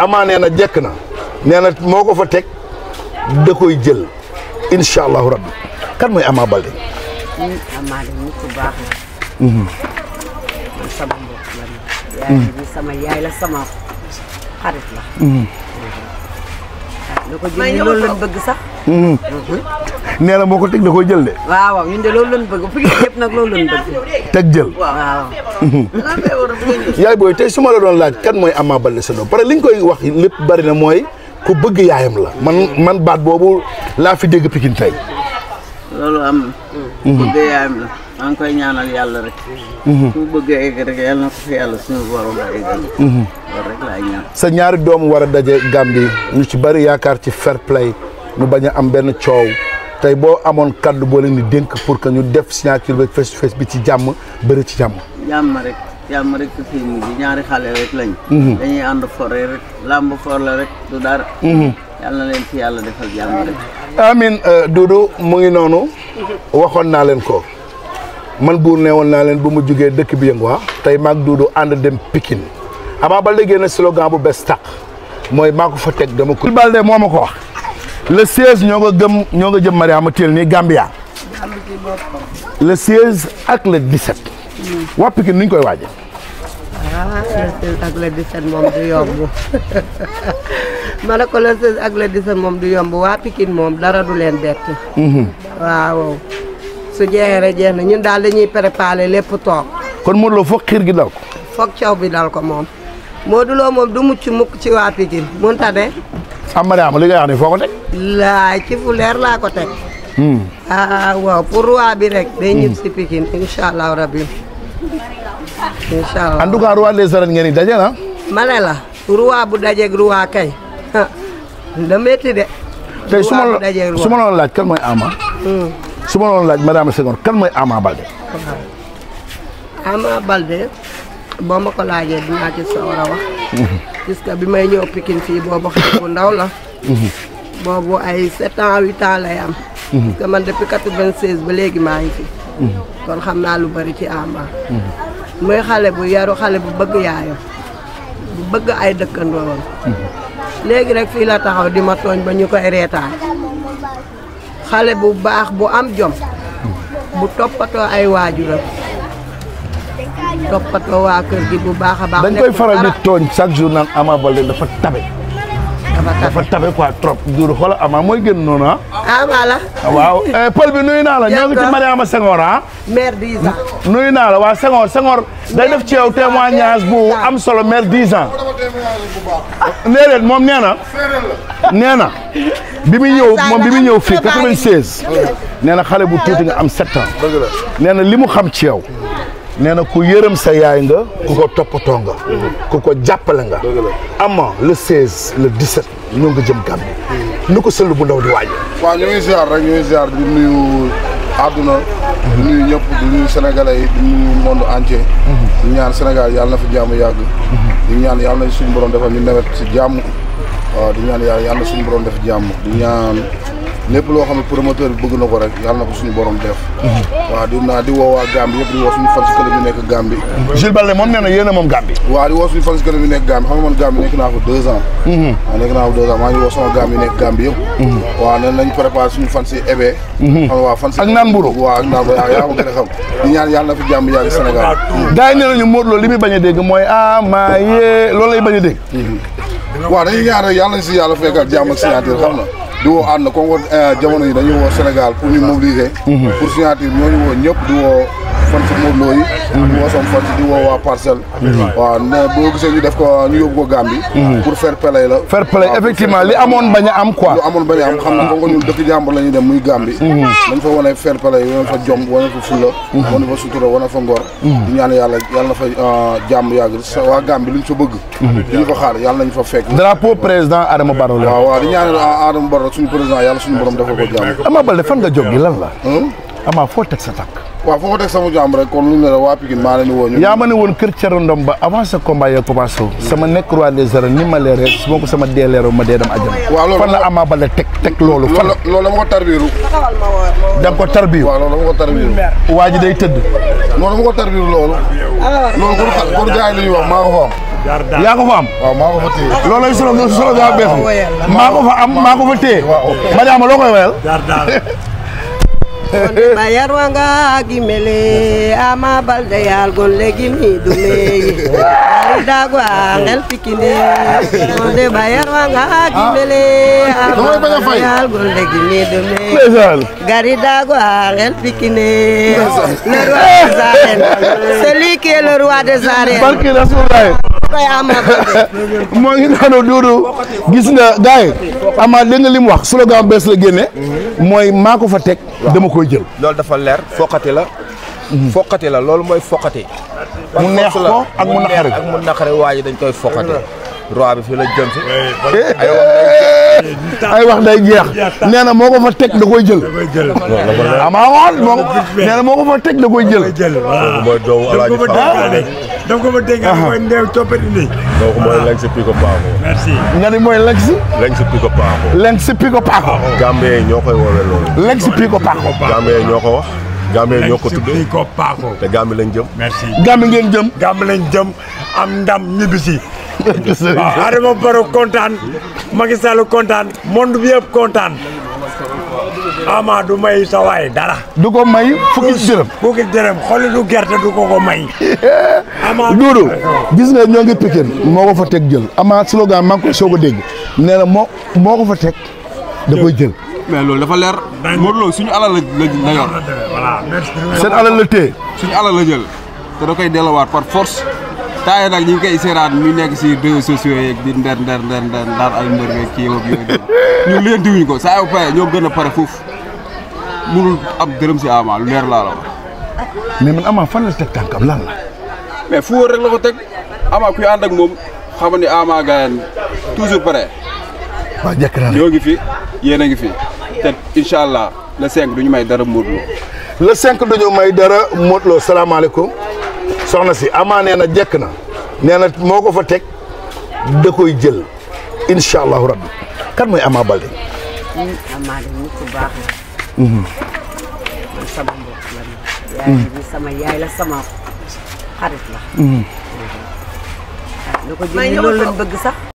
amaa nee na jekk na nee na moo ko fa teg da koy jël incha allahu rabbi kan mooy Ama Balde. Ama de nit ku la. Mhm. maa ngi loolu lañ hmm. mhm. nee na moo ko teg la koo jël de. waaw waaw ñun de nag loolu teg jël waaw. Hmm. yaay booy tey su la doon laaj kan mooy Ama Baldé sa doom parce li ñu koy wax lépp bari na mooy ku bëgg yaayam la. man man baat boobu laa fi dégg Pikine tey. loolu am na. Hmm. ku bëgg yaayam la. maa ngi ñaanal yàlla rek. Mhm. su bëgg a egg rek yàlla na ko fi yàlla suñu mhm. sa ñaari doom war a daje Gambie ñu ci bari yaakaar ci fair play mu bañ a am benn coow tey boo amoon kaddu boo leen dénk pour que ñu def signature bi face to face bi ci jàmm bëri ci jàmm. jàmm rek jàmm rek fi mu ji ñaari xale rek lañ. Mhm. dañuy ànd foree rek làmb for la rek yàlla na leen ci rek. amiin euh, Doudou mu ngi noonu. waxoon naa leen ko. man buur ne woon naa leen bu mu jugee dëkk bi yëngu ah. tey maag du ànd dem Pikine Ama Baldé génne slogan bu bees tàq mooy maa ko fa teg dama ko. Baldé moo ma ko wax ñoo nga gëm ñoo nga jëm Mariama Teel nii Gambia le 16 ak le 17. waa Pikine ni koy waaje ah le 16 ma ne ko le 16 ak le 17 moom du yomb waa Pikine moom dara du leen bett. Mhm. su jeex na ñun daal dañuy préparer lépp toog. kon Modou Lo foog xiir gi dal ko. foog caw bi dal ko moom Modou Lo moom du mucc mukk ci waa Pikine mënut a de. Samba Dama li nga wax ne foo ko teg. laa ci fu leer laa ko teg. Hmm. ah waaw bi rek. day ñib si Pikine incha allah rabi incha allah. en tout cas roi des ah? ma ne la roi bu dajeeg roi kay da métti de. tey su la laaj Ama. Hmm. su ma doon laaj madame Senghor kan mooy Ama Balde. Ama Balde boo ma ko laajee dinaa ci sawar wax. gis mhm. bi may ñëw Pikine fii boobu xale ndaw la. Mhm. boobu ay sept ans huit lay am. Mhm. parce que man depuis quatre ba léegi maa ngi fi. kon xam naa lu bari ci Ama. muy xale bu yaru xale bu bëgg yaayam bu bëgg ay dëkkandoo woon. léegi rek fii la taxaw di ma tooñ ba ñu koy reetaan. xale bu baax bu am jom bu toppatoo ay waajuram toppatoo waa kër gi bu baax a baax dañ koy faral di tooñ chaque jour naan Ama leen dafa tabe dafa tabe quoi trop. duuru xoolal Ama mooy gën noonu a ah voilà. waaw eh, pël bi nuyu naa la ñoo ngi ci Mariama Senghor ah. maire 10 ans. nuyu naa la waa Senghor Senghor. day def ci yow ñaas bu am solo maire 10 ans. léeg moom nee na. nee na bi muy ñëw moom bi muy ñëw fii 96. nee na xale bu tuuti nga am 7 ans. nee na li mu xam ci yow. nee na ku yërëm sa yaay nga ku ko toppatoo nga ku ko jàppale nga ama le 16 le 17 ñoo nga jëm Gàmbi nu ko sël bu ndaw di waaje waaw ñu ngi ziar rek ñu ngi ziar nuyu àdduna di nuyu ñëpp di nuyu sénégalais yi nuyu monde entier ñu mhm. ñaan senegal yàlla na fi jàmm yàgg ñu mhm. ñaan yàlla na suñu borom defal ñu nawet si jàmm waaw du ñaan yàlla yàlla suñu borom def jàmm di ñaan lépp loo xam ne promoteur bi bëgg na ko rek yàlla na ko suñu borom def waaw di naa di woo waa Gambie yëpp di woo suñu fans club bi nekk Gambie Jules Baldé moom nee na yéen a moom Gambie waaw di woo suñu fans club bi nekk nekk naa mhm. yëpp mhm. waaw nan lañ préparé suñu fans yi ebe mhm. xam nga waa fans ak naan mburu waaw ak naan mburu yaa ma a xam di ñaan yàlla na fi jàmm yàgg Sénégal gars yi nee nañu Modou Lo li muy bañ a dégg mooy ah maa yee loolu lay bañ a dégg waaw dañuy ñaan rek yàlla nañ si yàlla fekkal jàmm di woo ànd na comme euh, jamono yi dañuy woo Sénégal pour ñu mobiliser. Mhm. pour signature ñooñu woo ñëpp di woo. fan si Modou Lo yi mhm. di woo sama fan waaw ne boo gisee ñu def ko ñu yóbbu ko Gambie mhm. pour fair play la fair play effectivement li amoon bañ a am quoi lu amoon bañ a am na ah. ko dem muy Gambie mhm. dañ fa wane fair play wane fa jom wane fa fulla wane fa yàlla yàlla na fa ah, jàmm yàgg bëgg li ñu fa xaar yàlla nañu fa fekk drapeau président Adama Barrow la waaw waaw di ah, yàlla suñu borom dafa ko jàmm Ama fan nga jóg lan la Ama foo teg sa tànk waaw foo ko teg sama jàmm rek kon lu ne la waa Pikine maa leen woo ñu. yaa ma ne woon kër Thierno ba avant sa ma ko sama dee leeroo ma dee dem àjjana. waaw loolu fan la Ama Baldé teg teg loolu. fan la ko tarbiiru. da nga ko tarbiiru. waaw loolu dama ji day tëdd. non ko tarbiiru loolu. loolu kon xa kon ñuy wax maa ko fa am. yaa ko fa am. waaw maa ko fa téye. loolay solo solo gaa bees mi. maa ko fa am maa ko fa téye. waaw ok Madiama loo gonde bayar wanga gimele ama balde yal e golle gimi dume ari dagwa ngel pikine gonde bayar wanga gimele ama ah, balde yal golle gimi dume gari dagwa ngel pikine le roi des arènes celui qui est le roi des arènes barki rasulullah moo ngi noonu Doudou gis nga gars yi ama dégg nga li mu wax slogan bees la génne mooy maako fa teg dama koy jël loolu dafa leer foqati la hmm. foqati la loolu mooy foqati mu neex ko ak mu naqari ak mu dañ koy foqati roi fii la jëm ay wax day jeex nee na moo ko fa teg da koy jël. amaa waxoon moom nee na moo ko fa teg da koy jël. mooy doomu alaaji daf ko fa dégg mooy ndew coppati ni donc mooy lengs piko paako merci nga ni mooy lengs lengs piko paako lengs piko paako gambe yi ñoo koy woowee loolu lengs piko paako gambe yi ñoo ko wax gambe yi ñoo ko tuddee te gambe lañ jëm merci gambe ngeen jëm gambe lañ jëm am ndam ñibbisi waaw ah, Adama Barrow kontaan Macky Sall kontaan monde bi yëpp kontaan ama du may sa waay dara. du ko may fukki dërëm. fukki dërëm xolli du gerte du ko ko may. ama duudu gis nga ñoo ngi pikin moo ko fa teg jël amaa slogan maa ngi koy soog a dégg nee na moo moo ko fa teg da jël. mais loolu dafa leer. Modou Lo suñu alal la la yor. voilà seen alal la téye. suñu alal la jël te da koy delluwaat par force. taa nag ñu ngi koy seeraat nekk si réseaux sociaux yeeg di nder nder nder nder ndaar ay mbër kii yooyu ñun leen diwuñu ko saa yoo pare ñoo gën a pare foofu mënul am dërëm si Ama lu leer laa la wax. mais man fan la teg tànkam lan la. mais fu wóor rek la ko teg Ama kuy ànd ak moom xam ni Ama gaayan pare. waaw njëkk naa ñoo ngi fi yéen a ngi fi te incha allah le 5 ñu may dara Modou Lo. le 5 may dara Modou Lo salaamaaleykum. soxna si amaa nee na jekk na nee na moo ko fa teg da koy jël incha rabbi kan mooy Ama Baldé. Ama de nit ku mhm. sama mbokk la yaay mhm. bi sama yaay la sama xarit la. da mhm. ko jëlee loolu lañ